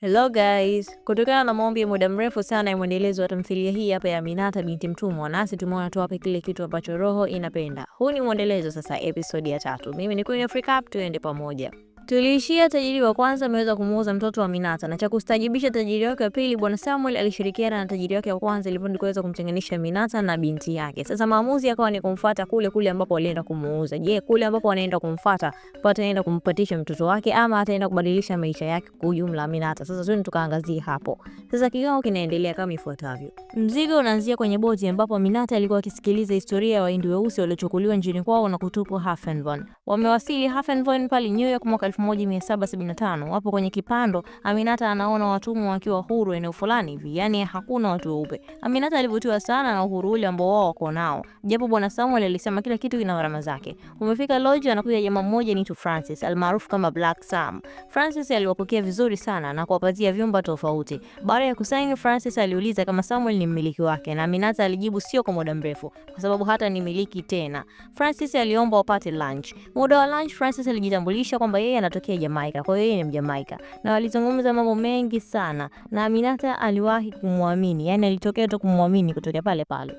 Hello guys, kutokana na maombi ya muda mrefu sana ya mwendelezo wa tamthilia hii hapa ya Aminata binti Mtumwa, nasi tumeona tuwape kile kitu ambacho roho inapenda. Huu ni mwendelezo sasa, episodi ya tatu. Mimi ni Queen Africa, tuende pamoja. Tuliishia tajiri wa kwanza ameweza kumuuza mtoto wa Minata, na cha kustajibisha tajiri wake wa pili Bwana Samuel alishirikiana na tajiri wake wa kwanza ili kuweza kumtenganisha Minata na binti yake. Sasa maamuzi yakawa ni kumfuata kule kule ambapo alienda kumuuza. Je, kule ambapo anaenda kumfuata ataenda kumpatisha mtoto wake ama ataenda kubadilisha maisha yake kwa ujumla Minata? Sasa sisi tukaangazie hapo. Sasa kikao kinaendelea kama ifuatavyo. Mzigo unaanzia kwenye boti ambapo Minata alikuwa akisikiliza historia ya Wahindi weusi waliochukuliwa nchini kwao na kutupwa Hafenvon. Wamewasili Hafenvon pale New York mwaka 1775 wapo kwenye kipando. Aminata anaona watumwa wakiwa huru eneo fulani hivi, yani hakuna watu weupe. Aminata alivutiwa sana na uhuru ule ambao wao wako nao, japo bwana Samuel alisema kila kitu kina gharama zake. Umefika lodge, anakuja jamaa mmoja ni Francis almaarufu kama Black Sam. Francis aliwapokea vizuri sana na kuwapatia vyumba tofauti. Baada ya kusaini, Francis aliuliza kama Samuel ni mmiliki wake na Aminata alijibu sio kwa muda mrefu, kwa sababu hata ni miliki tena. Francis aliomba wapate lunch. Muda wa lunch, Francis alijitambulisha kwamba yeye anatokea Jamaika, kwa hiyo ni Mjamaika, na walizungumza mambo mengi sana, na Aminata aliwahi kumwamini, yani alitokea tu kumwamini kutokea pale pale.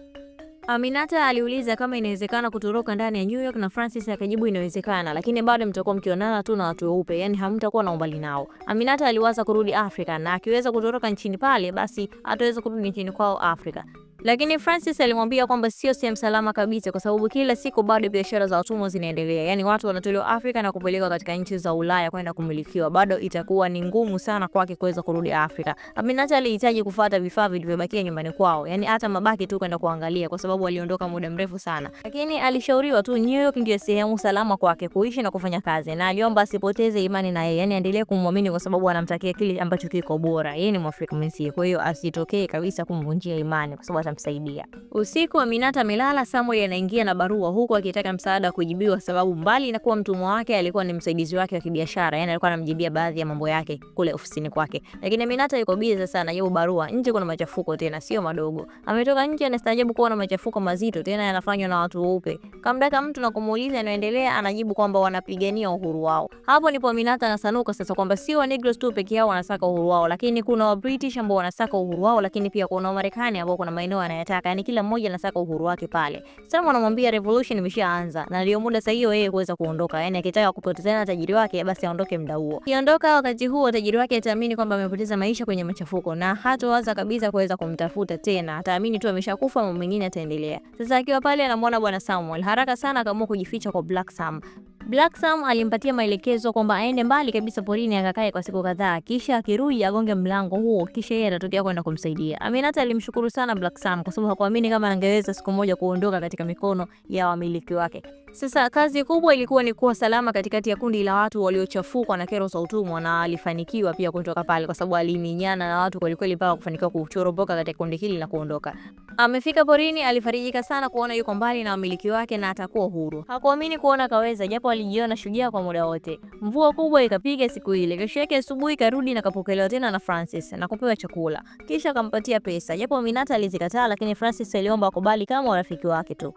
Aminata aliuliza kama inawezekana kutoroka ndani ya New York na Francis akajibu inawezekana, lakini bado mtakuwa mkionana tu na watu weupe, yani hamtakuwa na umbali nao. Aminata aliwaza kurudi Afrika na akiweza kutoroka nchini pale, basi ataweza kurudi nchini kwao Afrika. Lakini Francis alimwambia kwamba sio sehemu salama kabisa, kwa sababu kila siku bado biashara za watumwa zinaendelea, yaani watu wanatolewa Afrika na kupelekwa katika nchi za Ulaya kwenda kumilikiwa. Bado itakuwa ni ngumu sana kwake kuweza kurudi Afrika. Aminata alihitaji kufuata vifaa vilivyobakia nyumbani kwao, yaani hata mabaki tu kwenda kuangalia, kwa sababu aliondoka muda mrefu sana. Lakini alishauriwa tu New York ndio sehemu salama kwake kuishi na kufanya kazi, na aliomba asipoteze imani na yeye, yaani aendelee kumwamini kwa sababu anamtakia kile ambacho kiko bora. Yeye ni Mwafrika mwenzie, kwa hiyo asitokee kabisa kumvunjia imani kwa sababu watamsaidia. Usiku Aminata amelala, Samuel anaingia na barua huku akitaka msaada wa kujibiwa, sababu mbali na kuwa mtumwa wake alikuwa ni msaidizi wake wa kibiashara, yani alikuwa anamjibia baadhi ya mambo yake kule ofisini kwake. Lakini Aminata yuko bize sana anajibu barua. Nje kuna machafuko tena sio madogo. Ametoka nje, anastaajabu kuona machafuko mazito tena yanafanywa na watu weupe. Kamdaka mtu na kumuuliza anaendelea, anajibu kwamba wanapigania uhuru wao. Hapo ndipo Aminata anasanuka sasa kwamba sio wa Negroes tu peke yao wanasaka uhuru wao, lakini kuna wa British ambao wanasaka uhuru wao, lakini pia kuna Wamarekani ambao kuna maeneo maeneo anayotaka, yani kila mmoja anataka uhuru wake pale. Sasa wanamwambia revolution imeshaanza na ndio muda sahihi yeye kuweza kuondoka, yani akitaka kupotezana tajiri wake basi aondoke muda huo. Akiondoka wakati huo, tajiri wake ataamini kwamba amepoteza maisha kwenye machafuko na hatawaza kabisa kuweza kumtafuta tena, ataamini tu ameshakufa, mwingine ataendelea. Sasa akiwa pale anamwona bwana Samuel, haraka sana akaamua kujificha kwa Black Sam. Black Sam alimpatia maelekezo kwamba aende mbali kabisa porini akakae kwa siku kadhaa, kisha akirudi agonge mlango huo, kisha yeye atatokea kwenda kumsaidia. Aminata alimshukuru sana Black Sam kwa sababu hakuamini kama angeweza siku moja kuondoka katika mikono ya wamiliki wake. Sasa kazi kubwa ilikuwa ni kuwa salama katikati ya kundi la watu waliochafukwa na kero za utumwa, na alifanikiwa pia kutoka pale, kwa sababu aliminyana na watu kwelikweli mpaka kufanikiwa kuchoroboka katika kundi hili na kuondoka. Amefika porini, alifarijika sana kuona yuko mbali na wamiliki wake na atakuwa huru. Hakuamini kuona kaweza, japo alijiona shujaa kwa muda wote. Mvua kubwa ikapiga siku ile. Kesho yake asubuhi karudi na kapokelewa tena na Francis na kupewa chakula, kisha akampatia pesa, japo Minata alizikataa, lakini Francis aliomba akubali kama rafiki wake tu.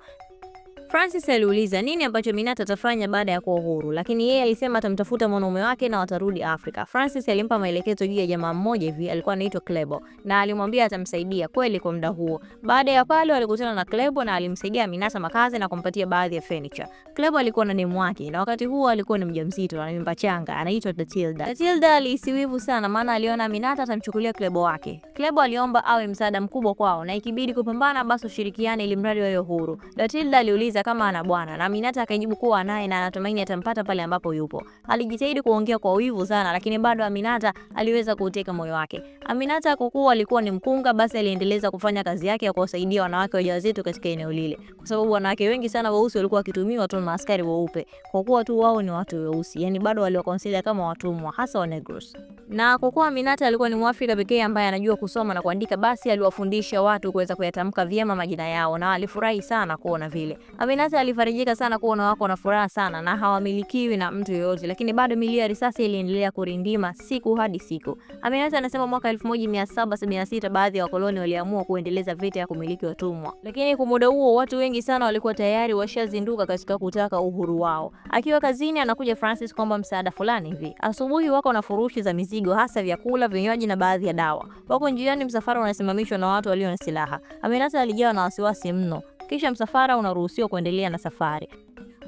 Francis aliuliza nini ambacho Minata atafanya baada ya kuwa huru, lakini yeye alisema atamtafuta mwanaume wake na watarudi Afrika. Francis alimpa maelekezo juu ya jamaa mmoja hivi alikuwa anaitwa Klebo na alimwambia atamsaidia kweli kwa muda huo. Baada ya pale walikutana na Klebo na alimsaidia Minata makazi na kumpatia baadhi ya furniture. Klebo alikuwa na demu wake na wakati huo alikuwa ni mjamzito na mimba changa anaitwa Tatilda. Tatilda alihisi wivu sana maana aliona Minata atamchukulia Klebo wake. Klebo aliomba awe msaada mkubwa kwao na ikibidi kupambana basi ushirikiane ili mradi wawe huru. Tatilda aliuliza kumuuliza kama ana bwana na Aminata akajibu kuwa anaye na anatumaini atampata pale ambapo yupo. Alijitahidi kuongea kwa wivu sana, lakini bado Aminata aliweza kuuteka moyo wake. Aminata kwa kuwa alikuwa ni mkunga, basi aliendeleza kufanya kazi yake ya kuwasaidia wanawake wajawazito katika eneo lile, kwa sababu wanawake wengi sana weusi walikuwa wakitumiwa tu na askari weupe, kwa kuwa tu wao ni watu weusi, yani bado waliwa kama watumwa, hasa wa Negros na kwa kuwa Aminata alikuwa ni Mwafrika pekee ambaye anajua kusoma na kuandika, basi aliwafundisha watu kuweza kuyatamka vyema majina yao na alifurahi sana kuona vile. Aminata alifarijika sana kuona wako na furaha sana na hawamilikiwi na mtu yoyote, lakini bado milio ya risasi iliendelea kurindima siku hadi siku. Aminata anasema mwaka 1776 baadhi ya wakoloni waliamua kuendeleza vita ya kumiliki watumwa, lakini kwa muda huo watu wengi sana walikuwa tayari washazinduka katika kutaka uhuru wao. Akiwa kazini, anakuja Francis kwamba msaada fulani hivi. Asubuhi wako na furushi za mizigo mizigo, hasa vyakula, vinywaji na baadhi ya dawa. Wako njiani, msafara unasimamishwa na watu walio na silaha. Aminata alijawa na wasiwasi mno, kisha msafara unaruhusiwa kuendelea na safari.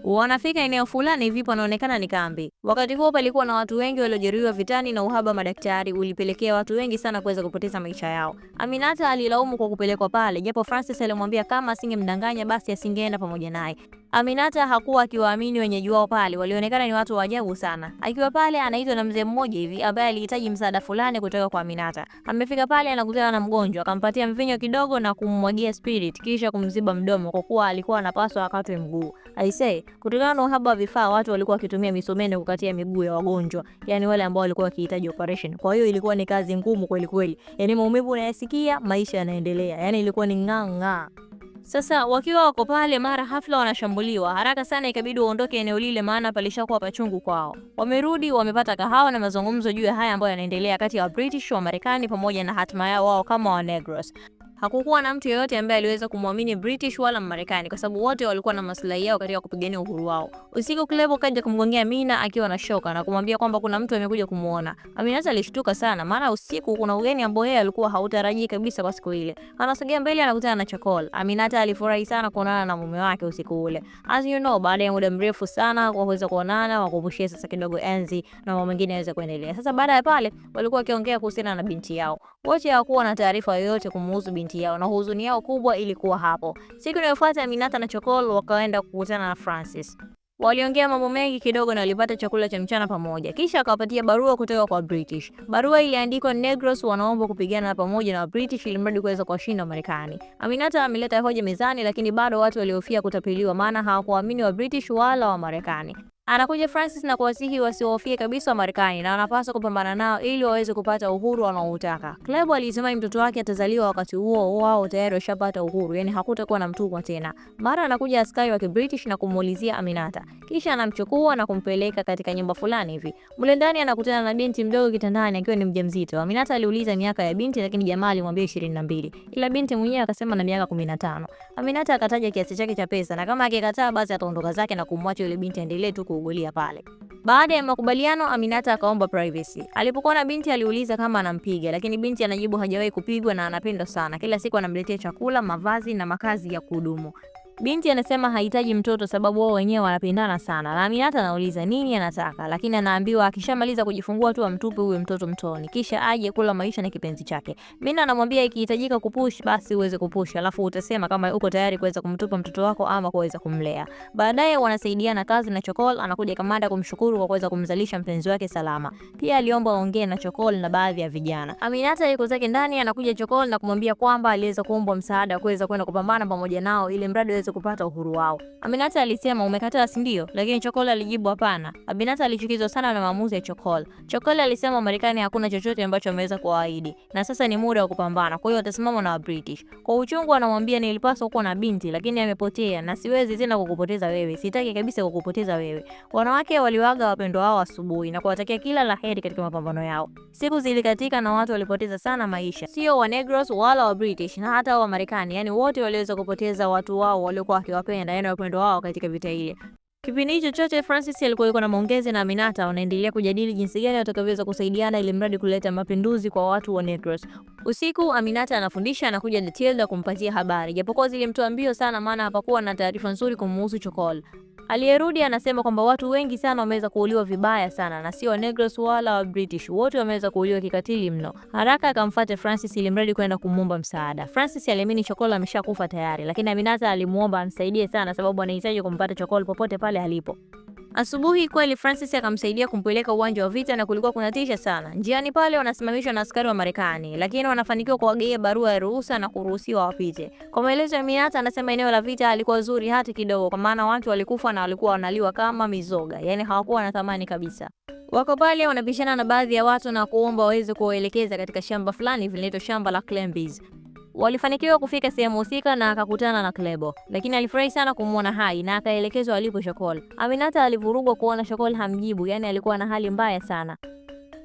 Wanafika eneo fulani hivi panaonekana ni kambi. Wakati huo palikuwa na watu wengi waliojeruhiwa vitani na uhaba madaktari ulipelekea watu wengi sana kuweza kupoteza maisha yao. Aminata alilaumu kwa kupelekwa pale, japo Francis alimwambia kama asingemdanganya basi asingeenda pamoja naye. Aminata hakuwa akiwaamini wenyeji wao pale, walionekana ni watu wa ajabu sana. Akiwa pale anaitwa na mzee mmoja hivi ambaye alihitaji msaada fulani kutoka kwa Aminata. Amefika pale anakutana na mgonjwa, akampatia mvinyo kidogo na kummwagia spirit kisha kumziba mdomo kwa kuwa alikuwa anapaswa akatwe mguu. Aisee, kutokana na uhaba wa vifaa watu walikuwa wakitumia misumeno kukatia miguu ya wagonjwa, yani wale ambao walikuwa wakihitaji operation. Kwa hiyo ilikuwa ni kazi ngumu kweli kweli. Yaani maumivu unayasikia, maisha yanaendelea. Yaani ilikuwa ni ng'ang'a. Sasa wakiwa wako pale, mara hafla wanashambuliwa. Haraka sana ikabidi waondoke eneo lile, maana palishakuwa pachungu kwao. Wamerudi, wamepata kahawa na mazungumzo juu ya haya ambayo yanaendelea kati ya Wabritish wa Marekani pamoja na hatima yao wao kama Wanegros hakukuwa na mtu yeyote ambaye aliweza kumwamini British wala Marekani kwa sababu wote walikuwa na maslahi yao katika kupigania uhuru wao. Usiku Klebo kaja kumgongea Mina akiwa na shoka na kumwambia kwamba kuna mtu amekuja kumuona. Amina alishtuka sana maana usiku kuna ugeni ambao yeye alikuwa hautarajii kabisa kwa siku ile. Anasogea mbele anakutana na Chakol. Aminata alifurahi sana kuonana na mume wake usiku ule. As you know, baada ya muda mrefu sana kwa kuweza kuonana, kuvushia sasa kidogo enzi na mambo mengine yaweza kuendelea. Sasa baada ya pale walikuwa wakiongea kuhusiana na binti yao. Wote hawakuwa na taarifa yoyote kumuhusu binti yao na huzuni yao kubwa ilikuwa hapo. Siku inayofuata Aminata na Chokol wakaenda kukutana na Francis. Waliongea mambo mengi kidogo na walipata chakula cha mchana pamoja. Kisha akawapatia barua kutoka kwa British. Barua iliandikwa Negros wanaomba kupigana pamoja na British ili mradi kuweza kuwashinda Marekani. Aminata ameleta hoja mezani, lakini bado watu waliofia kutapiliwa maana hawakuamini wa British wala wa Marekani. Anakuja Francis na kuwasihi wasiwahofie kabisa wa Marekani na wanapaswa kupambana nao ili waweze kupata uhuru wanaoutaka. Klebo alisema mtoto wake atazaliwa wakati huo wao tayari washapata uhuru, yani hakutakuwa na mtumwa tena. Mara anakuja askari wa Kibritish na kumuulizia Aminata, kisha anamchukua na kumpeleka katika nyumba fulani hivi. Mle ndani anakutana na binti mdogo kitandani akiwa ni mjamzito. Aminata aliuliza miaka ya binti, lakini jamaa alimwambia 22 ila binti mwenyewe akasema na miaka 15. Aminata akataja kiasi chake cha pesa na kama akikataa, basi ataondoka zake na kumwacha yule binti aendelee tu kuugulia pale. Baada ya makubaliano, Aminata akaomba privacy. Alipokuwa na binti aliuliza kama anampiga, lakini binti anajibu hajawahi kupigwa na anapendwa sana. Kila siku anamletea chakula, mavazi na makazi ya kudumu. Binti anasema hahitaji mtoto sababu wao wenyewe wanapendana sana. Na Aminata anauliza nini anataka, lakini anaambiwa akishamaliza kujifungua tu amtupe huyo mtoto mtoni, kisha aje kula maisha na kipenzi chake. Mina anamwambia ikihitajika kupush basi uweze kupush, alafu utasema kama uko tayari kuweza kumtupa mtoto wako ama kuweza kumlea. Baadaye wanasaidiana kazi na Chokol anakuja Kamanda kumshukuru kwa kuweza kumzalisha mpenzi wake salama. Pia aliomba aongee na Chokol na baadhi ya vijana. Aminata yuko zake ndani, anakuja Chokol na kumwambia kwamba aliweza kuombwa msaada kuweza kwenda kupambana pamoja nao ili mradi waweze kupata uhuru wao. Aminata alisema umekataa, si ndio? Lakini Chokola alijibu hapana. Aminata alichukizwa sana na maamuzi ya Chokola. Chokola alisema Marekani hakuna chochote ambacho ameweza kuwaahidi na sasa ni muda wa kupambana, kwa hiyo watasimama na wa British. Kwa uchungu anamwambia nilipaswa kuwa na binti lakini amepotea na siwezi tena kukupoteza wewe, sitaki kabisa kukupoteza wewe. Wanawake waliwaga wapendwa wao asubuhi na kuwatakia kila laheri katika mapambano yao. Siku zilikatika na watu walipoteza sana maisha, sio wa Negros wala wa British na hata wa Marekani, yani wote waliweza kupoteza watu wao wali waliokuwa wakiwapenya yani wapendo upendo wao katika vita ile. Kipindi hicho chote Francis alikuwa yuko na maongezi na Aminata, wanaendelea kujadili jinsi gani watakavyoweza kusaidiana ili mradi kuleta mapinduzi kwa watu wa negros Usiku Aminata anafundisha, anakuja Detilda kumpatia habari, japokuwa zilimtoa mbio sana, maana hapakuwa na taarifa nzuri kumhusu Chokol. Aliyerudi anasema kwamba watu wengi sana wameweza kuuliwa vibaya sana, na sio wa Negros wala wa British, wote wameweza kuuliwa kikatili mno. Haraka akamfuata Francis ili mradi kwenda kumwomba msaada. Francis aliamini Chokolo ameshakufa tayari, lakini Aminata alimuomba amsaidie sana, sababu anahitaji kumpata Chokolo popote pale alipo. Asubuhi kweli Francis akamsaidia kumpeleka uwanja wa vita na kulikuwa kunatisha sana. Njiani pale wanasimamishwa na askari wa Marekani, lakini wanafanikiwa kuwagea barua ya ruhusa na kuruhusiwa wapite. Kwa maelezo ya Miata, anasema eneo la vita halikuwa zuri hata kidogo, kwa maana watu walikufa na walikuwa wanaliwa kama mizoga, yaani hawakuwa na thamani kabisa. Wako pale wanabishana na baadhi ya watu na kuomba waweze kuwaelekeza katika shamba fulani, vinaitwa shamba la Clembies. Walifanikiwa kufika sehemu husika na akakutana na Klebo, lakini alifurahi sana kumwona hai na akaelekezwa alipo Shokol. Aminata alivurugwa kuona Shokol hamjibu, yaani alikuwa na hali mbaya sana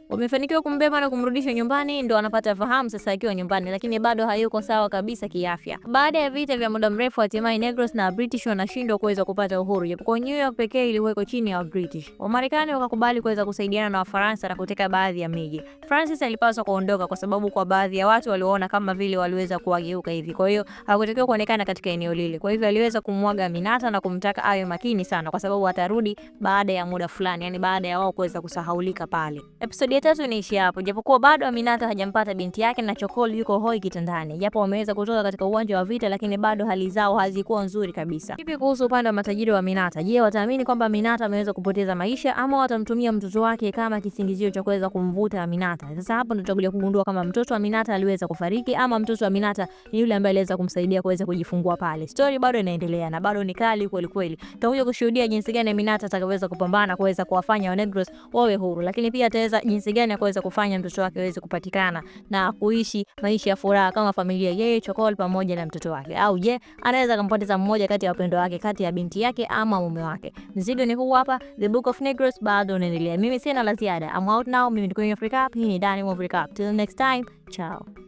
wamefanikiwa kumbeba na kumrudisha nyumbani, ndo anapata fahamu sasa akiwa nyumbani, lakini bado hayuko sawa kabisa kiafya. Baada ya vita vya muda mrefu, hatimaye Negros na British wanashindwa kuweza kupata uhuru, japokuwa New York pekee iliwekwa chini ya British. Wamarekani wakakubali kuweza kusaidiana na Wafaransa na kuteka baadhi ya miji. Francis alipaswa kuondoka kwa sababu kwa baadhi ya watu waliona kama vile waliweza kuwageuka hivi, kwa hiyo hakutakiwa kuonekana katika eneo lile. Kwa hivyo aliweza kumwaga Minata na kumtaka awe makini sana, kwa sababu atarudi baada ya muda fulani, yani baada ya wao kuweza kusahaulika pale. Episode ya tatu inaishi hapo, japokuwa bado Aminata hajampata binti yake na Chokoli yuko hoi kitandani, japo wameweza kutoka katika uwanja wa vita, lakini bado hali zao hazikuwa nzuri kabisa. Vipi kuhusu upande wa matajiri wa Aminata? Je, wataamini kwamba Aminata ameweza kupoteza maisha ama watamtumia mtoto wake kama kisingizio cha kuweza kumvuta Aminata? Sasa hapo ndo tutakuja kugundua kama mtoto wa Aminata aliweza kufariki ama mtoto wa Aminata ni yule ambaye aliweza kumsaidia kuweza kujifungua pale. Story bado inaendelea na bado ni kali kweli kweli. Tutakuja kushuhudia jinsi gani Aminata atakaweza kupambana kuweza kuwafanya wa Negros wawe huru, lakini pia ataweza jinsi jinsi gani ya kuweza kufanya mtoto wake aweze kupatikana na kuishi maisha ya furaha kama familia, yeye Chokol pamoja na mtoto wake, au je, anaweza kumpoteza mmoja kati ya wapendwa wake, kati ya binti yake ama mume wake? Mzigo ni huu hapa. The Book of Negroes bado unaendelea. Mimi sina la ziada. I'm out now. Mimi ni Queen Africa. Hii ni Dani Africa. Till next time. Ciao.